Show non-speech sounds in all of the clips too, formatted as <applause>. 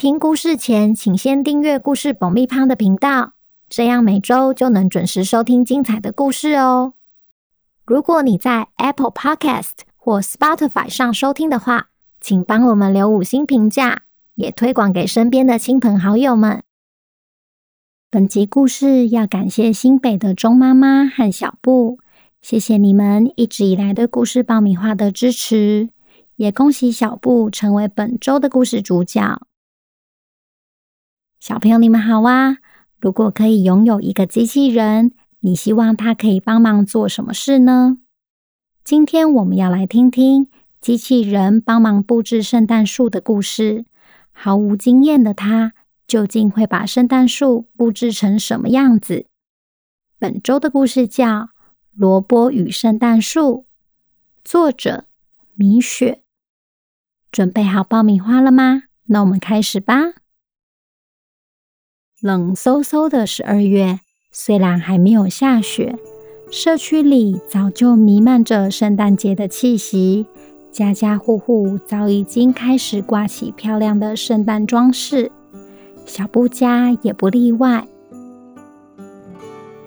聽故事前，請先訂閱“故事爆米花”的頻道，這樣每周就能準時收聽精彩的故事哦。如果你在 Apple Podcast 或 Spotify 上收聽的話，請幫我們留五星評價，也推廣給身邊的親朋好友們。本集故事要感謝新北的鍾媽媽和小布，謝謝你們一直以來對“故事爆米花”的支持，也恭喜小布成為本周的故事主角。小朋友，你們好啊！如果可以擁有一個機器人，你希望它可以幫忙做什麼事呢？今天我們要來聽聽機器人幫忙布置聖誕樹的故事。毫無經驗的他，究竟會把聖誕樹布置成什麼樣子？本周的故事叫《蘿蔔與聖誕樹》，作者米雪。準備好爆米花了嗎？那我們開始吧。冷颼颼的十二月，雖然還沒有下雪，社區裡早就瀰漫着聖誕節的氣息。家家戶戶早已經開始掛起漂亮的聖誕裝飾，小布家也不例外。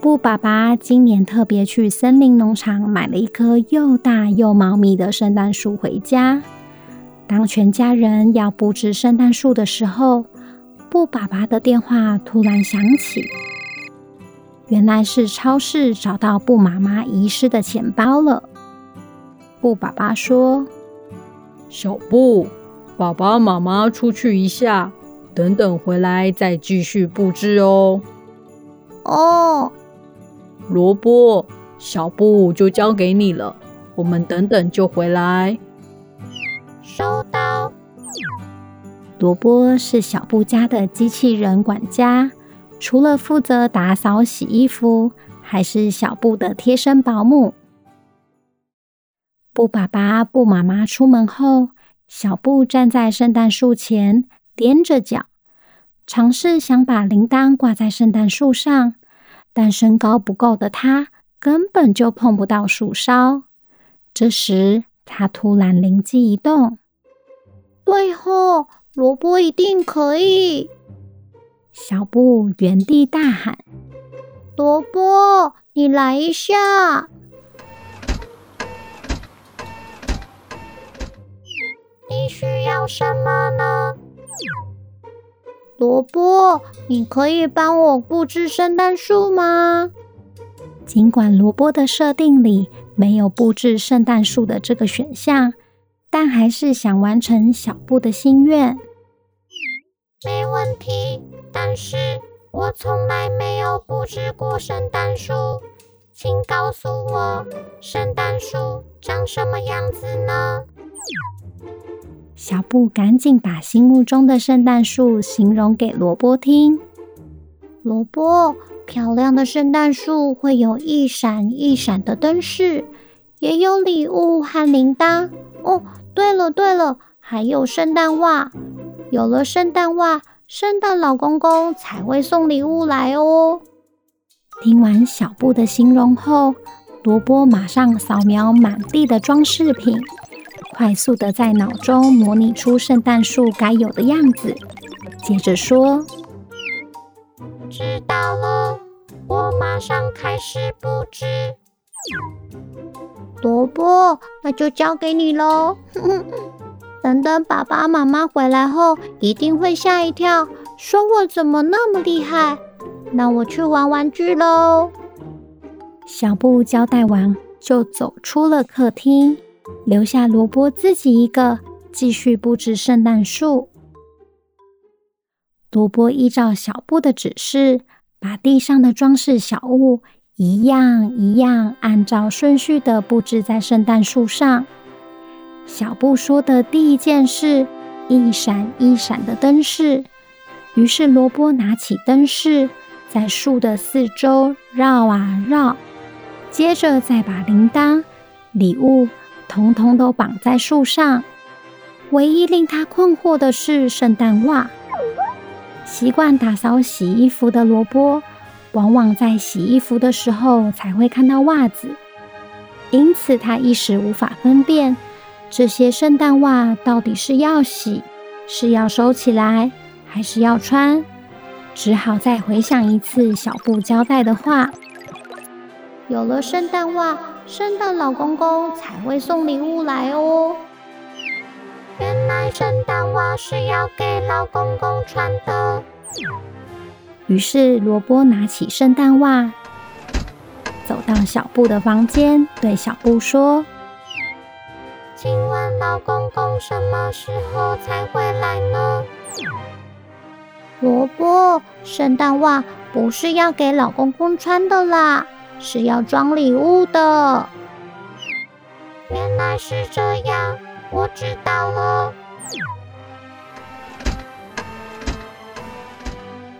布爸爸今年特別去森林農場買了一棵又大又茂密的聖誕樹回家。當全家人要布置聖誕樹的時候，布爸爸的電話突然響起，原來是超市找到布媽媽遺失的錢包了。布爸爸說：“小布，爸爸媽媽出去一下，等等回來再繼續布置哦。”“哦，蘿蔔，小布就交給你了，我們等等就回來。”收。蘿蔔是小布家的機器人管家，除了負責打掃、洗衣服，還是小布的貼身保姆。布爸爸、布媽媽出門後，小布站在聖誕樹前，踮着腳，嘗試想把鈴鐺掛在聖誕樹上，但身高不夠的他根本就碰不到樹梢。這時，他突然靈機一動：“對哦！”蘿蔔一定可以！小布原地大喊：“蘿蔔，你來一下！”“你需要什麼呢？”蘿蔔，你可以幫我布置聖誕樹嗎？儘管蘿蔔的設定裡沒有布置聖誕樹的這個選項。但還是想完成小布的心願。沒問題，但是我從來沒有布置過聖誕樹，請告訴我，聖誕樹長什麼樣子呢？小布趕緊把心目中的聖誕樹形容給蘿蔔聽。蘿蔔，漂亮的聖誕樹會有一閃一閃的燈飾，也有禮物和鈴鐺。哦。哦，對了，還有聖誕襪。有了聖誕襪，聖誕老公公才會送禮物來哦。聽完小布的形容後，蘿蔔馬上掃描滿地的裝飾品，快速地在腦中模擬出聖誕樹該有的樣子，接着說：“知道了，我馬上開始布置。”蘿蔔，那就交給你嘍。 <laughs> 等等，爸爸媽媽回來後一定會嚇一跳，說我怎麼那麼厲害。那我去玩玩具嘍。小布交代完就走出了客廳，留下蘿蔔自己一個繼續布置聖誕樹。蘿蔔依照小布的指示，把地上的裝飾小物，一樣一樣，按照順序的布置在聖誕樹上。小布說的第一件事，一閃一閃的燈飾。於是蘿蔔拿起燈飾，在樹的四周繞啊繞。接着再把鈴鐺、禮物，統統都綁在樹上。唯一令他困惑的是聖誕襪。習慣打掃洗衣服的蘿蔔。往往在洗衣服的時候才會看到襪子，因此他一時無法分辨這些聖誕襪到底是要洗，是要收起來，還是要穿，只好再回想一次小布交代的話：有了聖誕襪，聖誕老公公才會送禮物來哦。原來聖誕襪是要給老公公穿的。於是，蘿蔔拿起聖誕襪，走到小布的房間，對小布說：“請問老公公什麼時候才回來呢？”蘿蔔，聖誕襪不是要給老公公穿的啦，是要裝禮物的。原來是這樣，我知道了。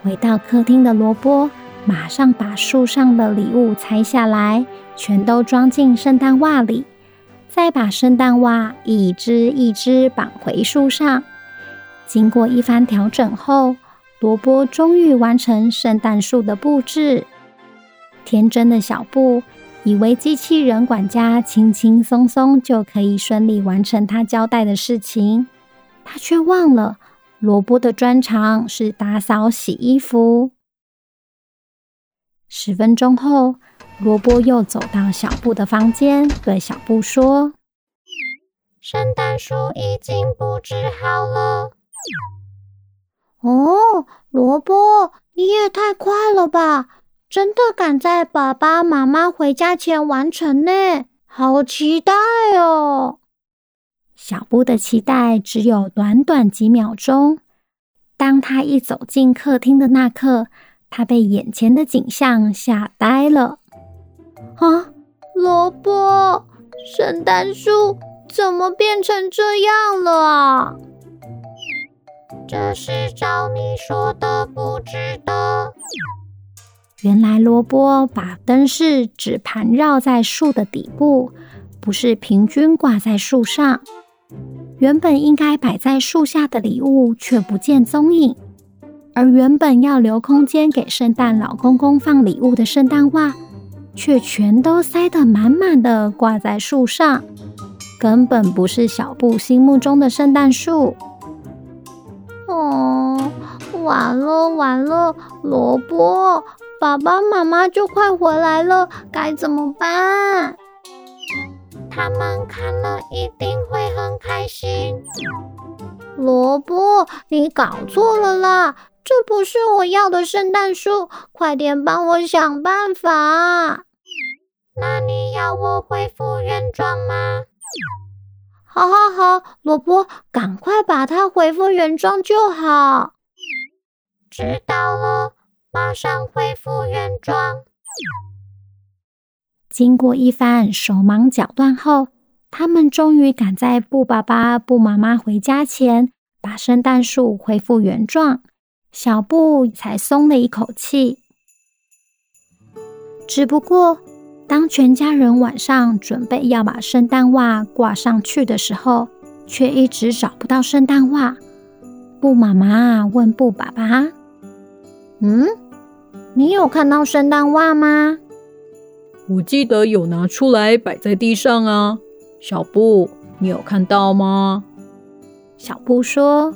回到客廳的蘿蔔，馬上把樹上的禮物拆下來，全都裝進聖誕襪裡，再把聖誕襪一隻一隻綁回樹上。經過一番調整後，蘿蔔終於完成聖誕樹的布置。天真的小布以為機器人管家輕輕鬆鬆就可以順利完成他交代的事情，他卻忘了。蘿蔔的專長是打掃、洗衣服。十分鐘後，蘿蔔又走到小布的房間，對小布說：“聖誕樹已經布置好了。”哦，蘿蔔，你也太快了吧！真的趕在爸爸媽媽回家前完成呢，好期待哦！小布的期待只有短短幾秒鐘。當他一走進客廳的那刻，他被眼前的景象嚇呆了。啊，蘿蔔，聖誕樹怎麼變成這樣了？這是照你說的不值得，不知道。原來蘿蔔把燈飾只盤繞在樹的底部，不是平均掛在樹上。原本應該擺在樹下的禮物卻不見蹤影，而原本要留空間給聖誕老公公放禮物的聖誕襪，卻全都塞得滿滿的掛在樹上，根本不是小布心目中的聖誕樹。哦，完了完了，蘿蔔，爸爸媽媽就快回來了，該怎麼辦？他們看了一定會很開心。蘿蔔，你搞錯了啦，這不是我要的聖誕樹，快點幫我想辦法。那你要我恢復原狀嗎？好，好，好，蘿蔔，趕快把它恢復原狀就好。知道了，馬上恢復原狀。經過一番手忙腳亂後，他們終於趕在布爸爸、布媽媽回家前，把聖誕樹恢復原狀。小布才鬆了一口氣。只不過，當全家人晚上準備要把聖誕襪掛上去的時候，卻一直找不到聖誕襪。布媽媽問布爸爸：“嗯，你有看到聖誕襪嗎？”我記得有拿出來擺在地上啊，小布，你有看到嗎？小布說：“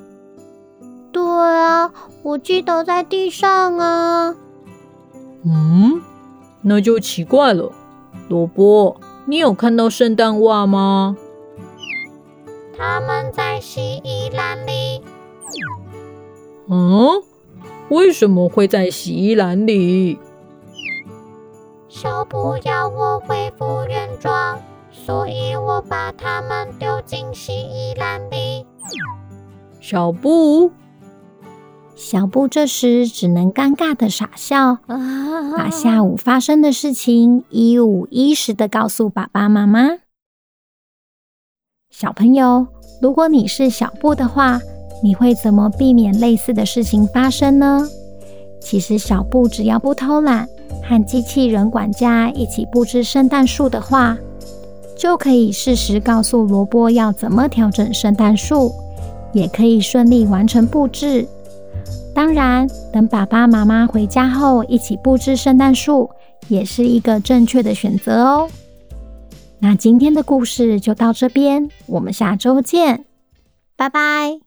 對啊，我記得在地上啊。”嗯，那就奇怪了。蘿蔔，你有看到聖誕襪嗎？他們在洗衣籃裡。嗯？為什麼會在洗衣籃裡？小布要我恢復原狀，所以我把它們丟進洗衣籃裡。小布，小布這時只能尷尬的傻笑，把下午發生的事情一五一十的告訴爸爸媽媽。小朋友，如果你是小布的話，你會怎麼避免類似的事情發生呢？其實，小布只要不偷懶，和機器人管家一起佈置聖誕樹的話，就可以適時告訴蘿蔔要怎麼調整聖誕樹，也可以順利完成布置。當然，等爸爸媽媽回家後一起布置聖誕樹，也是一個正確的選擇哦。那今天的故事就到這邊，我們下周見，拜拜。